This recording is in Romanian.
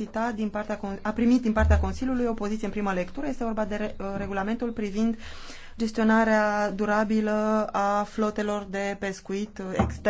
solicitat din partea, a primit din partea Consiliului o poziție în prima lectură. Este vorba de uh, regulamentul privind gestionarea durabilă a flotelor de pescuit uh, extern.